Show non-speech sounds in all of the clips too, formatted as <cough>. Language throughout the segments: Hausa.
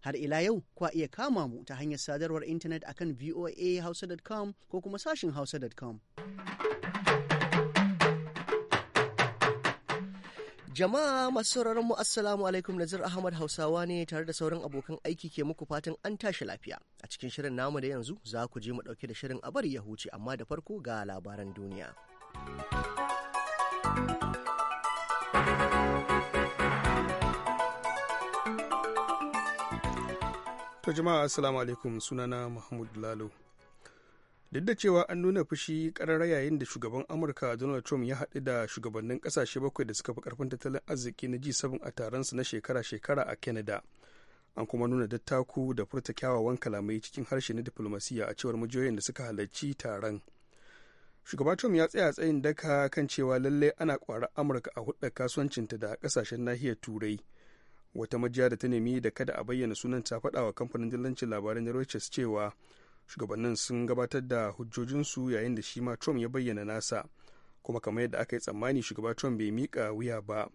Har ila yau kwa iya kama mu ta hanyar sadarwar intanet akan voahausa.com ko kuma sashin hausa.com. Jama'a masu sauraron mu Assalamu alaikum Nazir Ahmad Hausawa ne tare da sauran abokan aiki ke muku fatan an tashi lafiya. A cikin shirin namu da yanzu za ku je mu ɗauke da shirin a bari ya huce amma da farko ga labaran duniya. To jama'a assalamu alaikum sunana Mahmud Lalo. Duk da cewa an nuna fushi karara yayin da shugaban Amurka Donald Trump ya haɗu da shugabannin kasashe bakwai da suka fi karfin tattalin arziki na G7 a taronsu na shekara-shekara a Canada. An kuma nuna dattaku da furta kyawawan kalamai cikin harshe na diplomasiya a cewar majiyoyin da suka halarci taron. Shugaba Trump ya tsaya tsayin daka kan cewa lallai ana kwara Amurka a hudda kasuwancinta da kasashen nahiyar Turai. wata majiya da ta nemi da kada a bayyana sunan ta faɗa wa kamfanin dillancin labarai na reuters cewa shugabannin sun gabatar da hujjojinsu yayin da shi ma trump ya bayyana nasa kuma kamar yadda aka yi tsammani shugaba trump bai miƙa wuya ba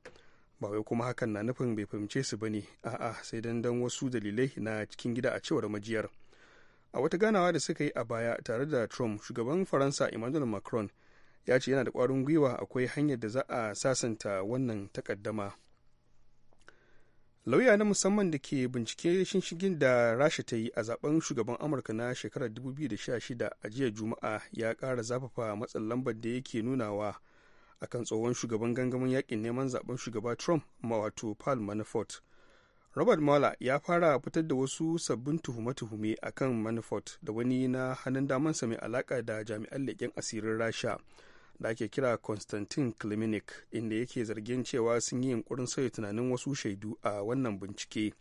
ba wai kuma hakan na nufin bai fahimce su ba ne a'a sai dan dan wasu dalilai na cikin gida a cewar majiyar a wata ganawa da suka yi a baya tare da trump shugaban faransa emmanuel macron ya ce yana da kwarin gwiwa akwai hanyar da za a sasanta wannan takaddama lauya na musamman da ke bincike shinshigin da rasha ta yi a zaben shugaban amurka na shekarar 2016 a jiya juma'a ya kara zafafa matsin lambar da yake nunawa a kan tsohon shugaban gangamin yakin neman zaben shugaba trump mawato paul manafort robert mueller ya fara fitar da wasu sabbin tuhume-tuhume a kan manafort da wani na hannun damansa mai alaka da jami'an leƙen asirin rasha da ake kira constantine kliminik inda yake zargin cewa sun yi yunkurin sauya tunanin wasu shaidu a wannan bincike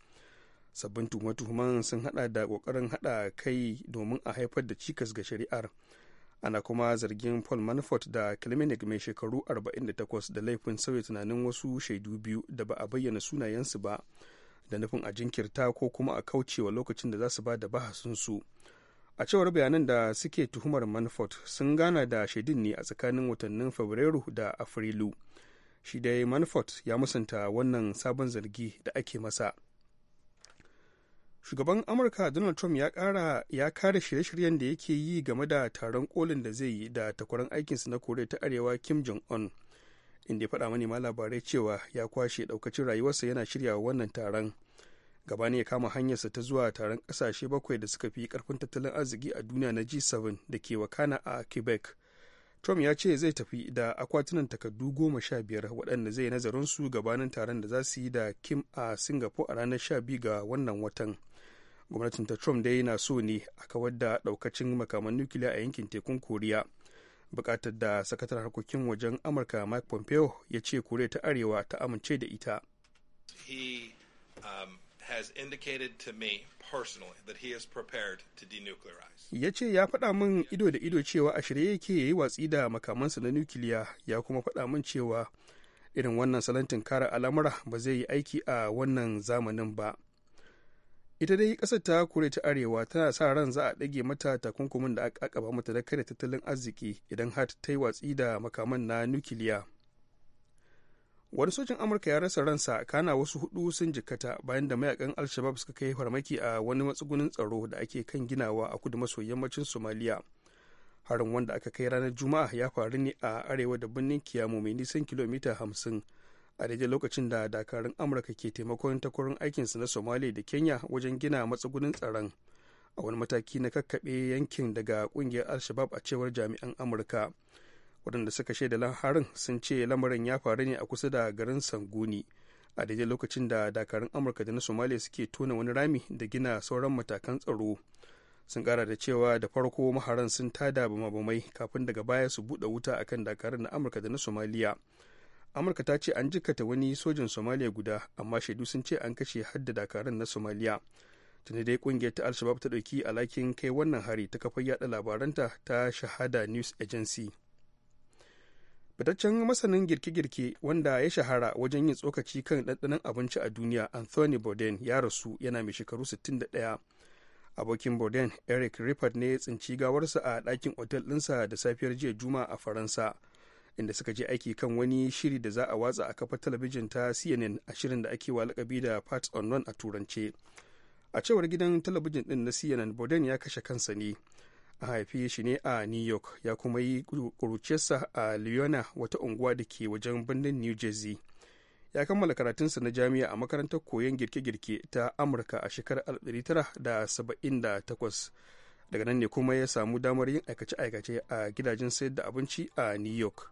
sabbin tuhuma tuhumen sun hada da kokarin hada kai domin a haifar da cikas ga shari'ar ana kuma zargin paul manafort da kliminik mai shekaru 48 da laifin sauya tunanin wasu shaidu biyu da ba a bayyana sunayensu ba da nufin a jinkirta ko kuma a kaucewa lokacin da za su ba da su a cewar bayanan da suke tuhumar manafort sun gana da shaidun ne a tsakanin watannin fabrairu da afrilu shi dai manafort ya musanta wannan sabon zargi da ake masa shugaban amurka donald trump ya kara ya kare shirye-shiryen da yake yi game da taron kolin da zai yi da takwaran aikinsa na koriya ta arewa kim jong-un inda ya faɗa manema labarai cewa ya kwashe ɗaukacin rayuwarsa yana shirya wannan taron gabani ya kama hanyarsa ta zuwa taron kasashe bakwai da suka fi karfin tattalin arziki a duniya na g7 da ke wakana a quebec trump ya ce zai tafi da akwatunan takardu goma sha biyar waɗanda zai nazarin su gabanin taron da za su yi da kim a singapore a ranar sha biyu ga wannan watan gwamnatin ta trump dai na so ne a kawar da ɗaukacin makaman nukiliya a yankin tekun koriya bukatar da sakataren harkokin wajen amurka mike pompeo ya ce koriya ta arewa ta amince da ita um, has indicated to me personally that he is prepared to denuclearize. Ya ce ya faɗa min ido da ido cewa a shirye yake ya yi watsi da makamansa na nukiliya ya kuma faɗa min cewa irin wannan salantin kara al'amura ba zai yi aiki a wannan zamanin ba. Ita dai ƙasar ta kure ta arewa tana sa ran za a ɗage mata takunkumin da aka ba mata da kare tattalin arziki idan har ta yi watsi da makaman na nukiliya. wani sojin amurka ya rasa ransa kana wasu hudu sun jikkata bayan da mayakan alshabab suka kai farmaki a wani matsugunin tsaro da ake kan ginawa a kudu maso yammacin somaliya harin wanda aka kai ranar juma'a ya faru ne a arewa da birnin kiyamu mai nisan kilomita hamsin a daidai lokacin da dakarun amurka ke taimakon takwarorin aikinsu na somaliya da kenya wajen gina matsugunin tsaron a wani mataki na kakkaɓe yankin daga ƙungiyar alshabab a cewar jami'an amurka waɗanda suka shaida laharin sun ce lamarin ya faru ne a kusa da garin sanguni a daidai lokacin da dakarun amurka da na somalia suke tona wani rami da gina sauran matakan tsaro sun kara da cewa da farko maharan sun tada bama-bamai kafin daga baya su buɗe wuta akan dakarun na amurka da na somaliya amurka ta ce an jikata wani sojin somaliya guda amma shaidu sun ce an kashe hadda dakarun na somaliya tuni dai kungiyar ta al ta ɗauki alakin kai wannan hari ta kafar yada labaranta ta shahada news agency fitaccen masanin girke-girke wanda ya shahara wajen yin tsokaci kan ɗanɗanon abinci a duniya anthony bourdain ya rasu yana mai shekaru 61 abokin bourdain eric rippert ne ya tsinci gawarsa a ɗakin otel ɗinsa da safiyar jiya juma a faransa inda suka je aiki kan wani shiri da za a watsa a kafar talabijin ta cnn a shirin da ake wa lakabi da parts unknown a turance a cewar gidan talabijin ɗin na cnn bourdain ya kashe kansa ne a haife shi ne a new york ya kuma yi kurucesa a leona wata unguwa da ke wajen birnin new jersey ya kammala karatunsa na jami'a a makarantar koyon girke-girke ta amurka a shekarar 1978 daga nan ne kuma ya samu damar yin aikace-aikace a gidajen sayar da abinci a new york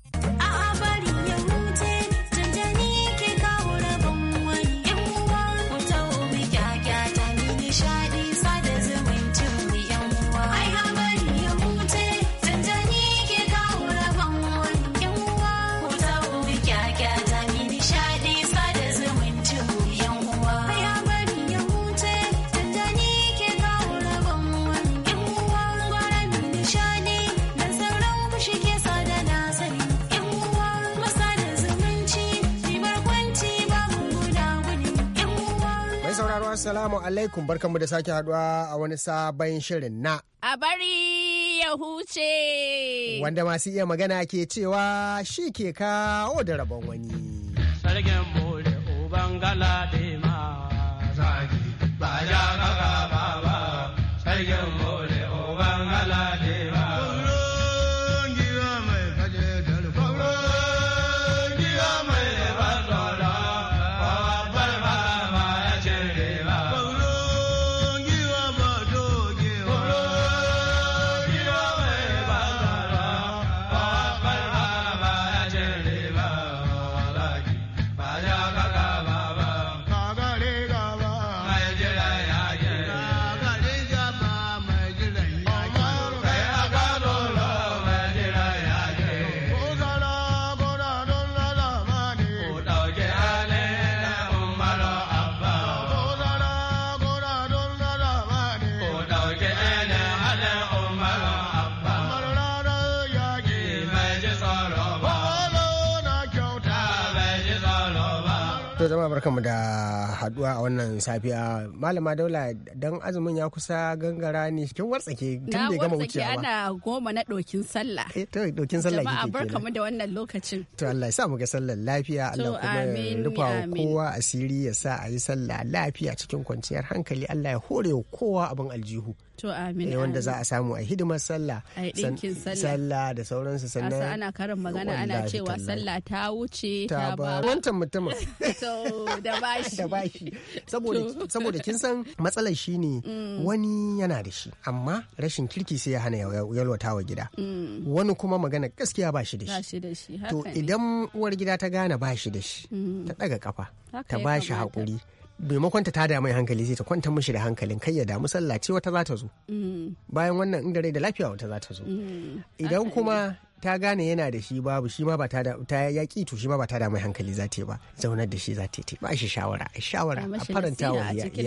Assalamu alaikum barkanmu da sake haduwa a wani sabon shirin na. A bari ya huce. Wanda masu iya magana ke cewa shi ke kawo da rabon wani. Sarkin bude uban gala ma zagi ba ya ba ba sarkin bude uban gala barkamu da haduwa a wannan safiya malama daula dan azumin ya kusa gangara ne cikin wartsake tun bai gama wucewa ba ana goma na dokin sallah eh to dokin sallah kike jama'a barkamu da wannan lokacin to Allah ya sa mu ga sallar lafiya Allah kuma ya rufa kowa asiri ya sa a yi sallah lafiya cikin kwanciyar hankali Allah ya hore kowa abin aljihu To amin. Eh, wanda za a samu a hidimar sallah. A ɗinkin sallah. Sallah da sauransu sannan. ana karin magana ana cewa sallah ta wuce ta ba. Wancan mutumin. <laughs> To da <laughs> Da bashi. <laughs> saboda kin san matsalar shi ne mm. wani yana da shi amma rashin kirki sai ya hana yalwata wa gida mm. wani kuma magana gaskiya ba shi da shi to idan uwar gida ta gane ba shi da shi mm. ta daga kafa ta ba shi haƙuri maimakon ta tada mai hankali sai ta kwanta mishi da hankalin kai ya damu sallah ce wata za ta zo bayan wannan inda rai da lafiya wata za ta zo idan kuma ta gane yana da shi babu shi ma ba ta da ta to shi ma ba ta da mai hankali za ta ba zaunar da shi za ta ta ba shi shawara a shawara a faranta wa iyali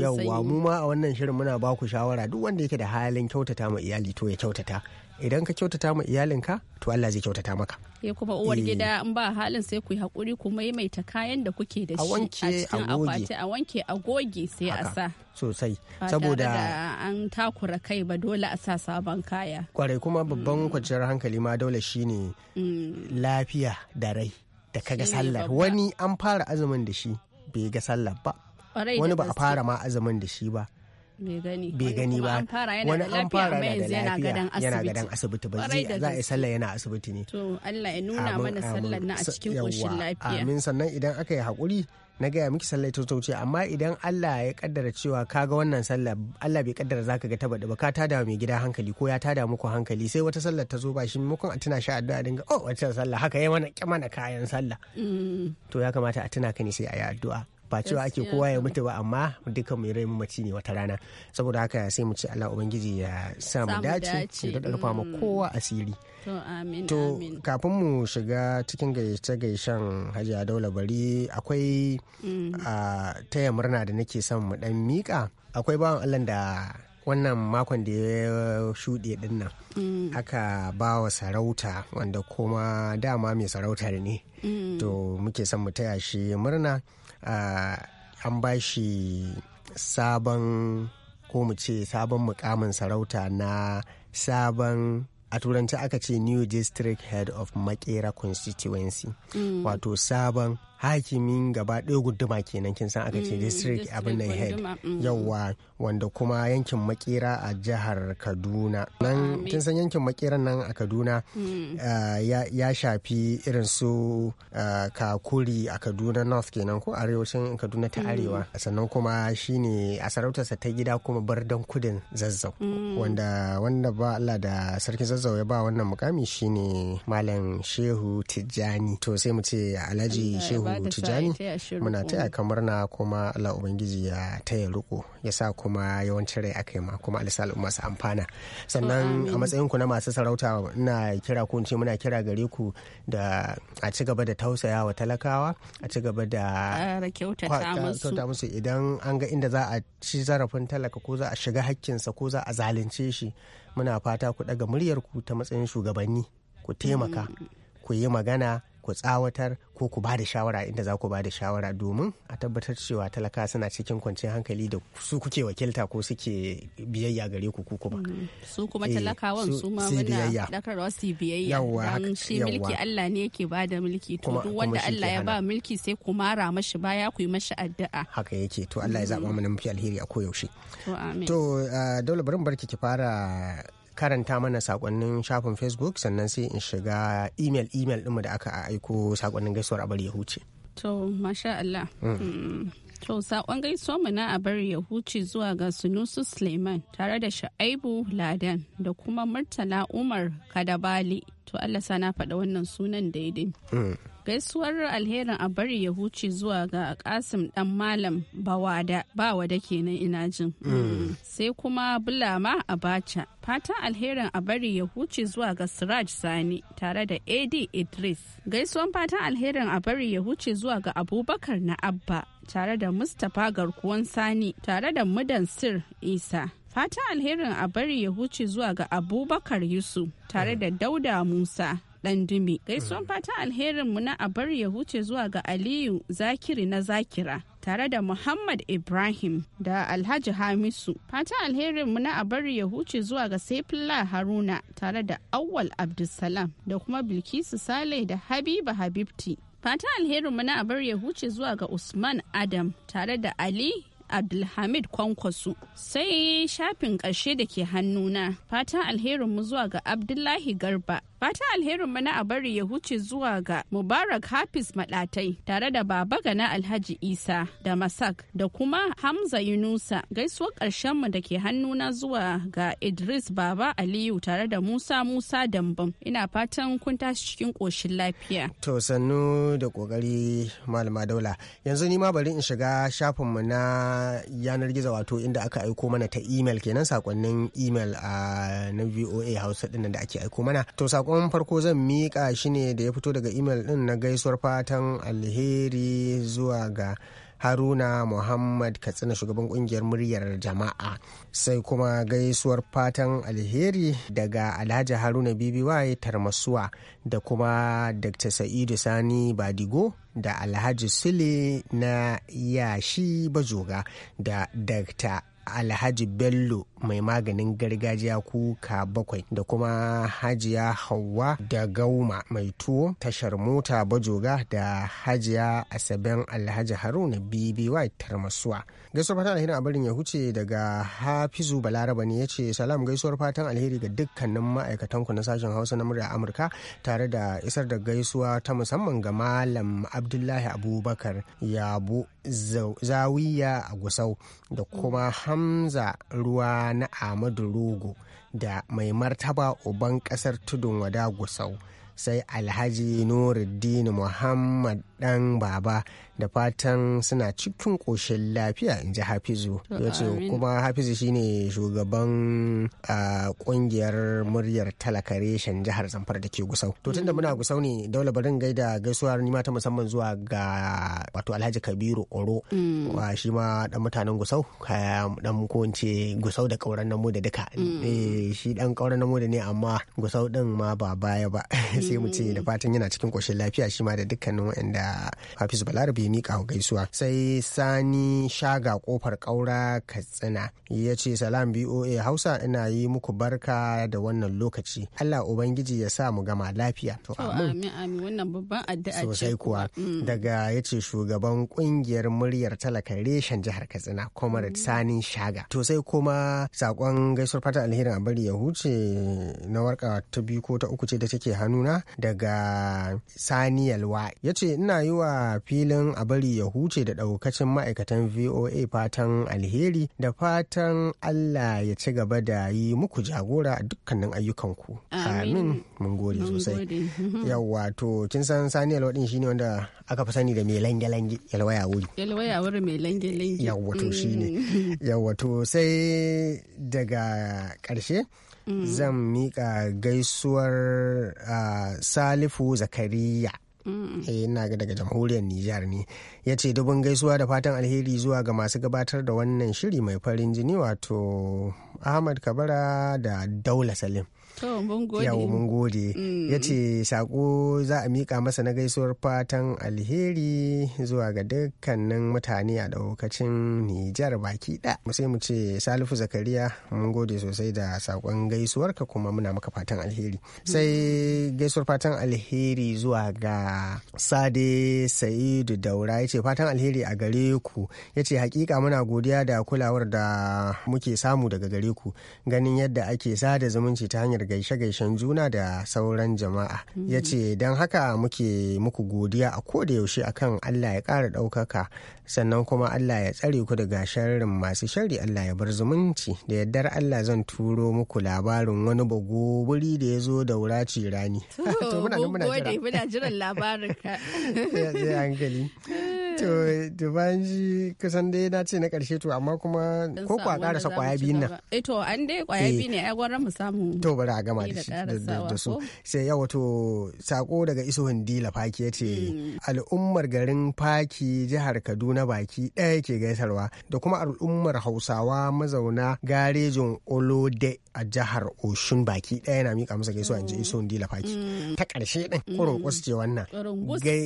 yawwa mu ma a wannan shirin muna baku shawara duk wanda yake da halin kyautata ma iyali to ya kyautata idan ka kyautata ma iyalinka to Allah zai kyautata maka ya kuma uwar eh. gida in ba halin sai ku yi hakuri ku maimaita kayan da kuke da shi a cikin akwati a wanke a goge sai a sa sosai saboda an takura kai ba dole a sa sabon kaya kwarai kuma mm. babban kwanciyar hankali ma dole shine mm. lafiya da rai da kaga sallar wani an fara azumin da shi bai ga sallar ba wani ba a fara ma azumin da shi ba bai gani ba wani an fara yana da lafiya yana gadan asibiti ba za a yi sallah yana asibiti ne to Allah ya nuna mana sallar na a cikin koshin lafiya amin sannan idan aka yi hakuri na gaya miki sallar ta wuce amma idan Allah ya kaddara cewa ka ga wannan sallar Allah bai kaddara za ka ga ta ba ka tada mai gida hankali ko ya tada muku hankali sai wata sallar ta zo ba shi mukun a tuna sha addu'a dinga oh wata sallah haka ya mana kyamana kayan sallah mm. to ya kamata a tuna ka ne sai a yi addu'a ba cewa ake kowa ya mutu ba amma duka mai rai mamaci ne wata rana saboda haka sai mu ce Allah ubangiji ya sa mu dace ya daɗa mu kowa asiri to kafin mu shiga cikin gaishe gaishen hajiya Adaula bari akwai mm. taya murna da nake son mu dan mika akwai bawan Allah da wannan makon da ya shuɗe ɗinnan mm. aka ba wa sarauta wanda kuma dama mai sarautar ne mm. to muke son mu taya shi murna an ba shi sabon ko mu ce sabon mukamin sarauta na sabon a turanci aka ce new district head of makera constituency mm. wato sabon hakimin gaba ɗaya guduma kenan kin san aka ce mm, district abin nan head mm. yawa wanda kuma yankin makera a jihar kaduna nan ah, kin san yankin makera nan a kaduna mm. ah, ya shafi irin su ah, kakuri a kaduna north kenan ko arewacin kaduna ta arewa sannan kuma shine a sarautarsa ta gida kuma bardan kudin zazzau wanda wanda ba allah da sarkin zazzau ya ba wannan mukami shine malam shehu tijjani to sai mu ce alhaji shehu Umm, tijani muna taya ka murna kuma allah ubangiji ya taya riko ya sa kuma yawancin rai aka yi ma kuma alisa al'umma su amfana sannan a matsayin ku na masu sarauta ina kira ku ce muna kira gare ku da a ci gaba da tausaya wa talakawa a ci gaba da kyautata musu idan an ga inda za a ci zarafin talaka ko za a shiga hakkinsa ko za a zalunce shi muna fata ku daga muryar ku ta matsayin shugabanni ku taimaka mm. ku yi magana ku tsawatar ko ku ba da shawara inda za ku ba da shawara domin a tabbatar cewa talaka suna cikin kwanciyar hankali da su kuke wakilta ko suke biyayya gare ku kuma mm. su kuma eh, talakawan su ma muna su biyayya don shi mulki Allah ne yake ba da mulki to duk wanda Allah ya ba mulki sai ku mara mashi baya ku yi mashi addu'a haka yake to Allah ya zaba mm. mana mafi alheri a koyaushe to amin to eh, dole bari mu barki ki fara karanta mana sakonnin shafin facebook sannan sai in shiga email email ɗinmu da aka aiko sakonnin gaisuwar abar ya huce to masha Allah mm. Mm. To sakon gaisuwa mu na a bari ya huce zuwa ga Sunusu Suleiman tare da Sha'aibu Ladan da kuma Murtala Umar Kadabali. To Allah sana faɗa wannan sunan daidai. Mm. gaisuwar alherin a bari ya huce zuwa ga kasim dan malam bawada bawada kenan ina jin mm. Mm. sai kuma bulama abacha fatan alherin a bari ya huce zuwa ga siraj sani tare da ad idris gaisuwan fatan alherin a bari ya huce zuwa ga abubakar na abba tare da mustapha garkuwan sani tare da mudan sir isa fatan alherin a bari ya huce zuwa ga abubakar yusu tare mm. da dauda musa dan dumi gaisuwan fata alherin mu na bar ya huce zuwa ga aliyu zakiri na zakira tare da Muhammad Ibrahim da Alhaji Hamisu. Fata alherin mu na bari ya huce zuwa ga Saifullah Haruna tare da Awwal Abdulsalam da kuma Bilkisu Sale da Habiba Habibti. Fata alherin mu na bari ya huce zuwa ga Usman Adam tare da Ali Abdulhamid Kwankwasu. Sai shafin ƙarshe da ke hannuna. Fatan alherin mu zuwa ga Abdullahi Garba fata alherin mu na bari ya huce zuwa ga Mubarak Hafiz Madatai tare da Baba Gana Alhaji Isa da Masak da kuma Hamza Yunusa. Gaisuwar ƙarshen mu da ke hannuna zuwa ga Idris Baba Aliyu tare da Musa Musa Dambam. Ina fatan kun tashi cikin ƙoshin lafiya. To sannu da ƙoƙari Malama Daula. Yanzu ni ma bari in shiga shafin mu na yanar gizo wato inda aka aiko mana ta email kenan sakonnin email ah, a na VOA Hausa ɗin da ake aiko mana. To sakon sakon farko zan miƙa shi ne da ya fito daga imel ɗin na gaisuwar fatan alheri zuwa ga haruna muhammad katsina shugaban kungiyar muryar jama'a sai kuma gaisuwar fatan alheri daga alhaji haruna bby tarmasuwa da kuma dr sa'idu sani badigo da alhaji sule na yashi bajoga da dr alhaji bello mai maganin gargajiya kuka bakwai da kuma hajiya hauwa da gauma mai tuwo tashar mota bajoga da hajiya asaben alhaji haruna bby tarmasuwa gaisuwar fatan alheri a barin ya huce daga hafizu balaraba ne ya ce salam gaisuwar fatan alheri ga dukkanin ma'aikatan ku na sashen hausa na murya amurka tare da isar da gaisuwa ta musamman ga malam abdullahi abubakar yabo zawiya a gusau da kuma hamza ruwa na Ahmadu Rogo da mai martaba uban ƙasar tudun wada gusau sai alhaji nuruddin muhammad dan baba da fatan suna cikin koshin lafiya in ji hafizu ya ce kuma hafizu shine shugaban ƙungiyar muryar talaka reshen jihar zamfara da ke gusau to tunda muna gusau ne daula barin gaida gaisuwa nima ta musamman zuwa ga wato alhaji kabiru oro mm. wa shi ma dan mutanen gusau dan ko gusau da kauran namu da duka mm. eh, shi dan kauran namu da ne amma gusau din ma ba baya ba sai mu da mm. fatan yana cikin koshin lafiya shi ma da dukkanin waɗanda Hafizu Balarabe ya mika gaisuwa. Sai Sani Shaga kofar ƙaura Katsina ya ce salam BOA Hausa ina yi muku barka da wannan lokaci. Allah Ubangiji ya sa mu gama lafiya. To amin wannan babban addu'a ce. Sosai kuwa mm. daga ya ce shugaban kungiyar muryar talakan reshen jihar Katsina Comrade mm. Sani Shaga. To sai kuma sakon gaisuwar fata alherin a bari ya huce na warka ta biyu ko ta uku ce da take hannuna daga Sani Yalwa ya ce ina yi wa filin a bari ya huce da ɗaukacin ma'aikatan VOA fatan alheri da fatan Allah ya ci gaba da yi muku jagora a dukkanin ayyukanku. Amin mun gode sosai. <laughs> Yawwa to kin san Sani Yalwa din shine wanda aka fi sani da mai lange-lange Yalwa ya wuri. Yalwa ya wuri mai lange-lange. Yawwa to shine. Mm. Yawwa to sai daga ƙarshe. Mm. zan mika gaisuwar salifu zakariya mm. eh, ina daga jamhuriyar Nijar ne ya ce dubin gaisuwa da fatan alheri zuwa ga masu gabatar da wannan shiri mai farin jini wato Ahmad Kabara da Daula Salim yau mun gode mm. ya ce saƙo za a miƙa masa na gaisuwar fatan alheri zuwa ga dukkanin mutane a ɗaukacin nijar baki ɗaya sai mu ce salifu zakariya mun gode sosai da saƙon ka kuma muna maka fatan alheri mm. sai gaisuwar fatan alheri zuwa ga sade sa'idu daura ya ce fatan alheri a gare ku ya ce hakika muna godiya da kulawar da muke samu daga gare ku ganin yadda ake sada zumunci ta hanyar gaishe-gaishen juna da sauran jama'a mm. ya ce don haka muke muku godiya a koda yaushe akan allah ya ƙara ɗaukaka sannan kuma allah ya tsare ku daga sharrin masu shari allah ya bar zumunci da yaddar allah zan turo muku labarin wani bago wuri da ya zo da wuraci rani <laughs> to muna jiran labarin ka <laughs> hankali <laughs> to bayan shi kusan dai na ce na karshe to amma kuma ko kwa karasa kwaya biyun nan eh to an dai kwaya eh. biyu ne ai gwara mu samu to bari a gama da su sai ya wato sako daga iso dila faki ya ce mm. al'ummar garin faki jihar kaduna baki ɗaya ke gaisarwa da kuma al'ummar hausawa mazauna garejin olode a jihar oshun baki ɗaya na mika masa gaisuwa in ji dila faki mm. ta ƙarshe ɗin kurin mm. ce wannan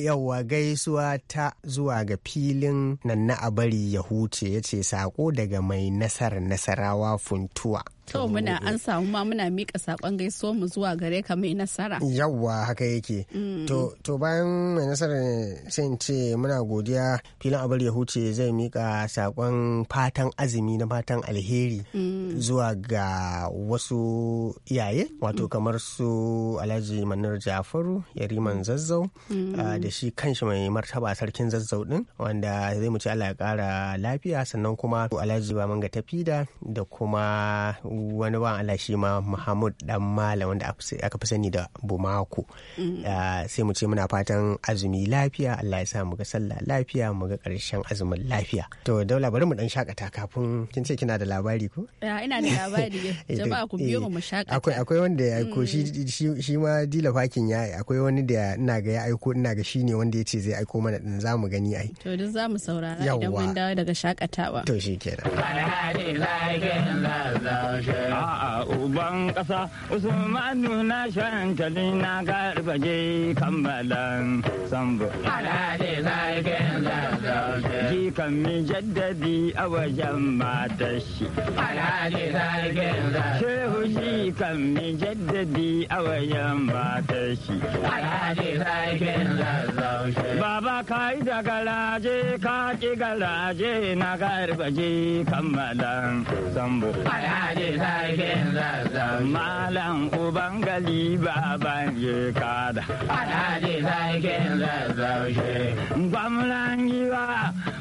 yawa gaisuwa ta zuwa ga filin nan na abari ya huce ya ce sako daga mai nasar nasarawa funtuwa To muna an samu ma muna mika sakon gaiso mu zuwa gare ka mai nasara. Yawwa haka yake. Mm. To bayan mai nasara ne sai in ce muna godiya filin abar ya huce zai mika sakon fatan azumi na fatan alheri mm. zuwa ga wasu iyaye wato mm. kamar su Alhaji Manar Jafaru Yariman Zazzau ah, da shi kanshi mai martaba sarkin Zazzau din wanda zai mu ci Allah ya kara lafiya sannan kuma Alhaji Baman Gatafida da kuma wani ba Allah shi ma Muhammad dan Malam wanda aka fi sani da Bumako mm-hmm. ah, sai mu ce muna fatan azumi lafiya Allah ya sa mu ga sallah lafiya mu ga karshen azumin lafiya to daula bari mu dan shakata kafin kin ce kina da labari ko <laughs> ah, ina da labari <laughs> eh, jama'a ku biyo eh, mu shakata akwai akwai wanda ya ko mm. shi shi ma dila fakin ya akwai wani da ina ga ya aiko ina ga shine wanda ya ce zai aiko mana din zamu gani ai to duk zamu saurara idan mun dawo daga shakatawa to shikenan. A uban ƙasa Usmanu na shantali na garbaje kambalan sambo. Alade sarkin zazzaushe. Ji kan mi jaddadi a wajen matar shi. Alade sarkin zazzaushe. Shehu ji kan mi jaddadi a wajen matar shi. Alade sarkin zazzaushe. Baba ka yi da garaje ka ki garaje na garbaje kambalan sambo. Alade sarkin zazzabi. Malam uban gali baban je kada. Alhaji sarkin zazzabi. Gwamnan giwa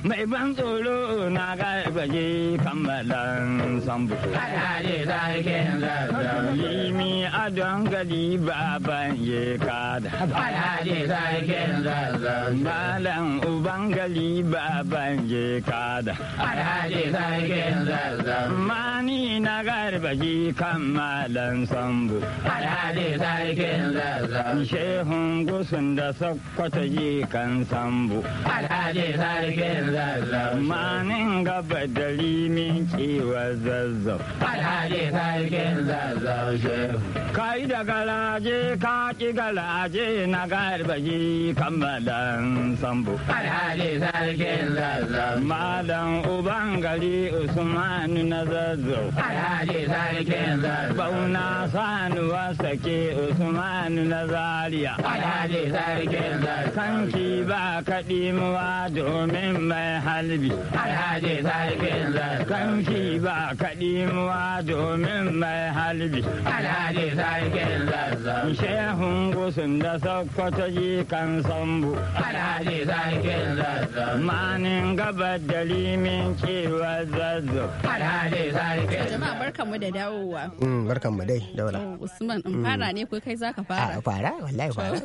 mai ban tsoro na garbaje kammalan sambu. Alhaji sarkin zazzabi. Limi adon gali baban je kada. Alhaji sarkin zazzabi. Malam uban gali baban je kada. Alhaji sarkin zazzabi. Mani na baki kan malan sambu. Alhaji sarkin zazzau. Shehun gusun da sakkwata ji kan sambu. Alhaji sarkin zazzau. Manin gaba da limin kiwa zazzau. Alhaji sarkin zazzau shehu. Kai da garaje ka ki garaje na gari garbaji kan malan sambu. Alhaji sarkin zazzau. Malam uban gari Usmanu na zazzau. Alhaji ne sarkin zari. Bauna sanu wasa ke Usman na Zaria. Alhaji sarkin zari. Sanki ba kaɗi muwa domin mai halbi. Alhaji sarkin zari. Sanki ba kaɗi muwa domin mai halbi. Alhaji sarkin zari. Shehun gusun da sokoto yi kan sambu. Alhaji sarkin zari. Manin gabar da limin kewa zazzo. Alhaji sarkin zari. barkanmu da dawowa. Mm, barkanmu dai daula. Usman in mm. fara ne ko kai zaka fara? A fara wallahi fara.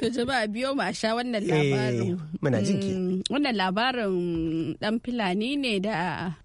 So <laughs> jama'a biyo ma sha wannan eh, labarin. Muna jinki. Mm, wannan labarin dan Fulani ne da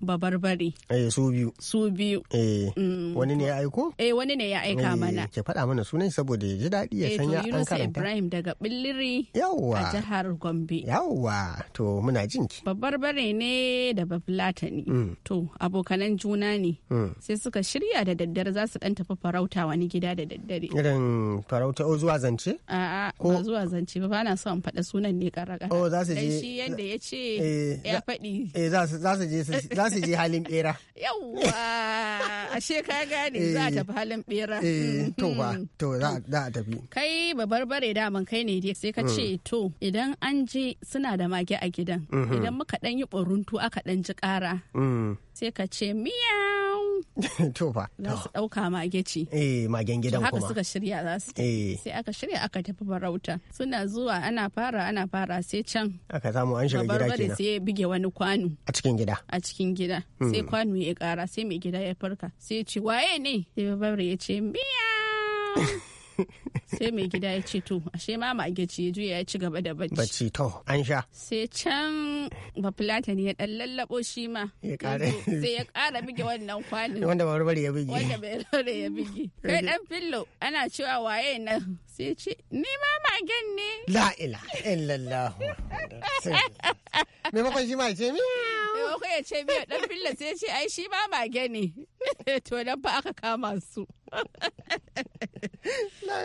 babarbare. Eh su biyu. Su biyu. Eh wani ne ya aiko? Eh wani ne ya aika eh, mana. Ke faɗa mana sunan saboda ya ji daɗi ya eh, sanya an karanta. Ibrahim daga Billiri. Yawwa. A jihar Gombe. Yawwa to muna jinki. Babarbare ne da Bafulatani. To abokanan juna ne sai suka shirya da daddare za su dan tafi farauta wani gida da daddare irin farauta o zuwa zance a'a o zuwa zance ba na son faɗa sunan ne karaka o za su je shi yanda ya ce eh, ya faɗi eh za su je za su je halin bera yawwa she ka gane za ta eh. tafi halin bera eh, to ba mm. to za a tafi kai babar bare daman kai ne dai sai ka ce mm. to idan an je suna da mage a gidan mm-hmm. idan muka dan yi ɓuruntu aka dan ji kara mm. sai ka ce miyau <laughs> to fa su dauka mageci eh magen gidan kuma haka suka shirya za su eh. sai aka shirya aka tafi farauta suna zuwa ana fara ana fara sai can aka samu an shiga gida kenan sai ya bige wani kwano a cikin gida a cikin gida hmm. sai kwano ya kara sai mai gida ya farka sai ya ce waye ne sai babbar ya ce miya <laughs> sai mai gida ya ce to ashe ma mageci ya juya ya ci gaba da bacci bacci to an sha sai can Ba bafulata ne ya dan lallabo shi ma <laughs> sai ya kara bige wannan kwanin wanda ba barbare ya bige wanda bai rore ya bige <laughs> kai dan fillo ana cewa waye na? sai ce ni ma magen ne la ila illallah maimakon shi ma ya ce mi maimakon ya ce mi dan fillo sai ya ce ai shi ma magen ne <laughs> to dan fa aka kama su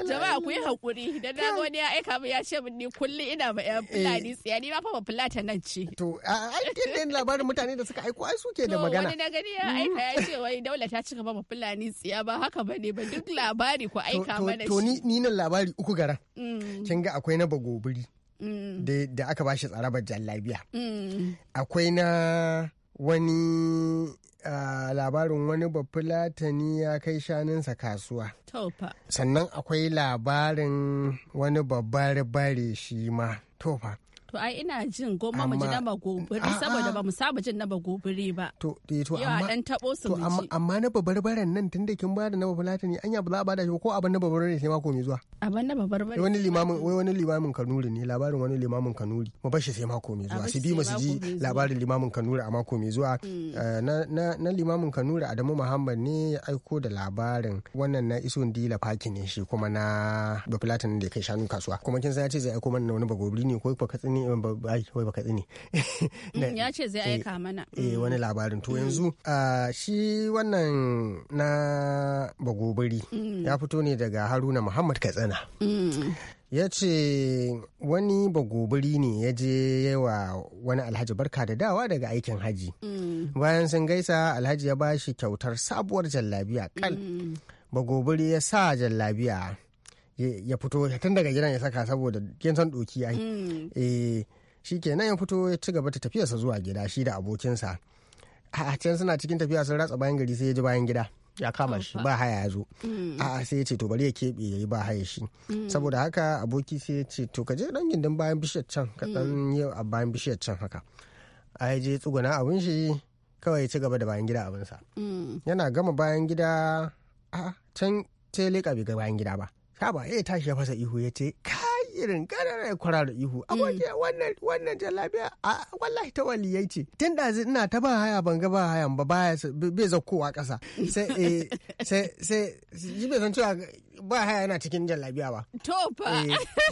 jama'a ku yi haƙuri da na wani ya aika mu ya ce min ni kulli ina ma yan fulani tsiya eh. ni ma fa ba fulata nan ce to ai kin da labarin mutane da suka aiko ai suke da magana wani na gani ya mm-hmm. aika ya ce wai daula ta cika ba fulani tsiya ba haka bane ba duk labari ku aika mana shi. to ni ni nan labari uku gara. Mm. kin ga akwai na bagobiri mm. da aka bashi tsarabar jallabiya mm. akwai na wani labarin wani bafulatani ya kai shanunsa kasuwa. Sannan akwai labarin wani babbar bare shi ma. Tofa. to ai ina jin goma mu ji na bagobiri ah, saboda ah. ba mu saba jin na bagobiri ba. To eh to amma dan tabo su amma na babarbaran nan tunda kin ba da na babalata ne anya ba za a bada shi ko abin na babarbaran ne mako mai zuwa. Abin na babarbaran. Wani limamin wai wani limamin Kanuri ne labarin wani limamin Kanuri mu bar shi sai mako mai zuwa su bi mu su ji labarin limamin Kanuri a mako mai zuwa hmm. eh, na limamin Kanuri Adamu Muhammad ne ya aiko da labarin wannan na iso dila faki ne shi kuma na babalata ne da kai shanu kasuwa kuma kin san ya ce zai aiko mana wani bagobiri ne ko fa ne wai baka tsini <laughs> ya ce zai eh, aika mana eh mm. wani labarin to mm. yanzu shi wannan na bagobiri mm. ya fito ne daga Haruna Muhammad Katsina ya ce wani bagobiri ne ya je wa wani alhaji barka da dawa daga aikin haji bayan sun gaisa alhaji ya ba shi kyautar sabuwar jallabiya kal bagobiri ya sa jallabiya ya fito tun daga gidan ya saka saboda kin san doki ai hmm. eh nan ya fito ya ci gaba ta tafiyarsa zuwa gida shi da abokinsa a can suna cikin tafiya sun ratsa bayan gari sai ya ji bayan gida ya kama shi ba haya ya zo hmm. a sai ya ce to bari ya keɓe ya yi ba haya shi hmm. saboda haka aboki sai ya ce to ka je dan gindin bayan bishiyar can ka dan yi a bayan bishiyar can haka a je tsuguna abin shi kawai ya ci gaba da bayan gida abinsa yana gama bayan gida a can sai leƙa bai ga bayan gida ba kaba ya eh, tashi ya fasa ihu ya ce kai irin ƙararar kwara da ihu mm. abokiya wannan wannan jalabiya a wallahi ta ya ce tun da ina ta ba haya ban ga ba hayan ba baya bai zakkowa kasa eh, <laughs> sai sai sai bai san cewa ba haya yana cikin jallabiya ba. To fa.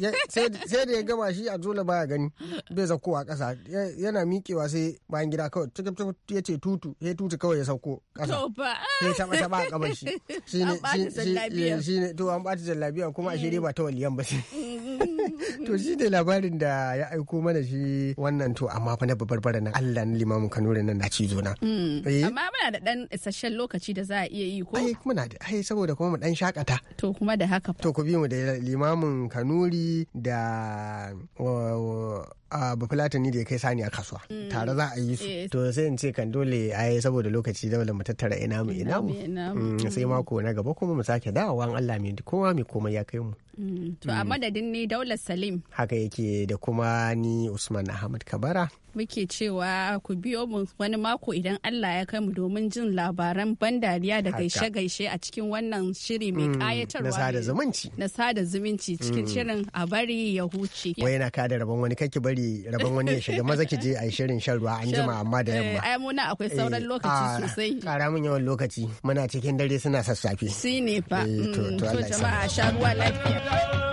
Eh, sai da ya gama shi a zola baya gani bai a ƙasa yana miƙewa sai bayan gida kawai tukub ya ce tutu ya tutu kawai ya sauko ƙasa. To fa. Sai taɓa taɓa a ƙabar shi. <laughs> Shi ne to an ɓata jallabiya kuma a shirya ba ta waliyan ba sai. to shi ne labarin da ya aiko mana shi wannan to amma fa na babbar nan Allah na limamin kanuri nan na cizo na. Hmm. Eh. Amma muna da dan isasshen lokaci da za a iya yi ko? Ai muna da ai saboda kuma mu dan shakata. To kuma da haka. To ku bi mu da limamin Kanuri da ne da ya kai saniya kasuwa mm. tare za a yi su to sai in ce kan dole yi saboda lokaci dole mu tattara ina mu ina mu mm, sai mako na gaba kuma mu sake dawowa Allah mai kowa mai komai ya kai mu mm. to a madadin ne daular Salim haka yake da kuma ni Usman Ahmad Kabara muke cewa ku biyo mu wani mako idan Allah ya kai mu domin jin labaran ban dariya da gaishe-gaishe a cikin wannan shiri mai kayatarwa. Mm, na sada zumunci. Na sada zumunci cikin mm. shirin a bari ya huce. Wai yana kada rabon wani kake bari rabon wani ya shiga maza ki je a shirin shan ruwa an jima amma da yamma. Eh, ai muna akwai eh, sauran lokaci ah, sosai. Kara mun yawan lokaci muna cikin dare suna sassafe. Shi ne fa. Eh, to mm, jama'a sha ruwa lafiya.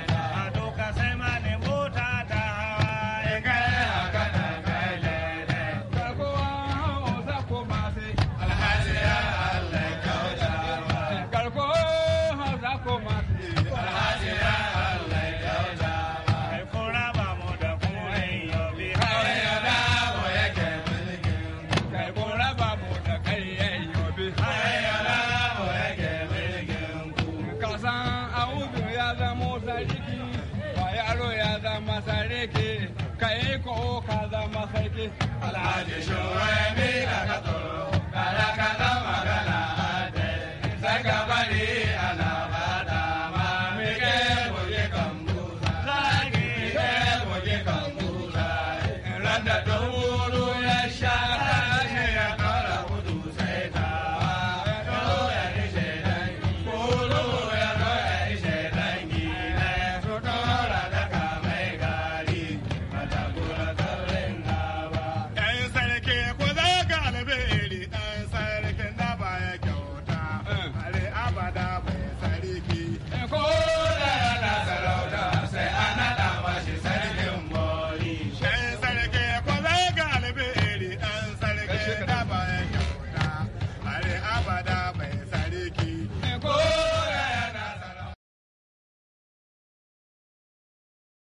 Alhaji Shoaib daga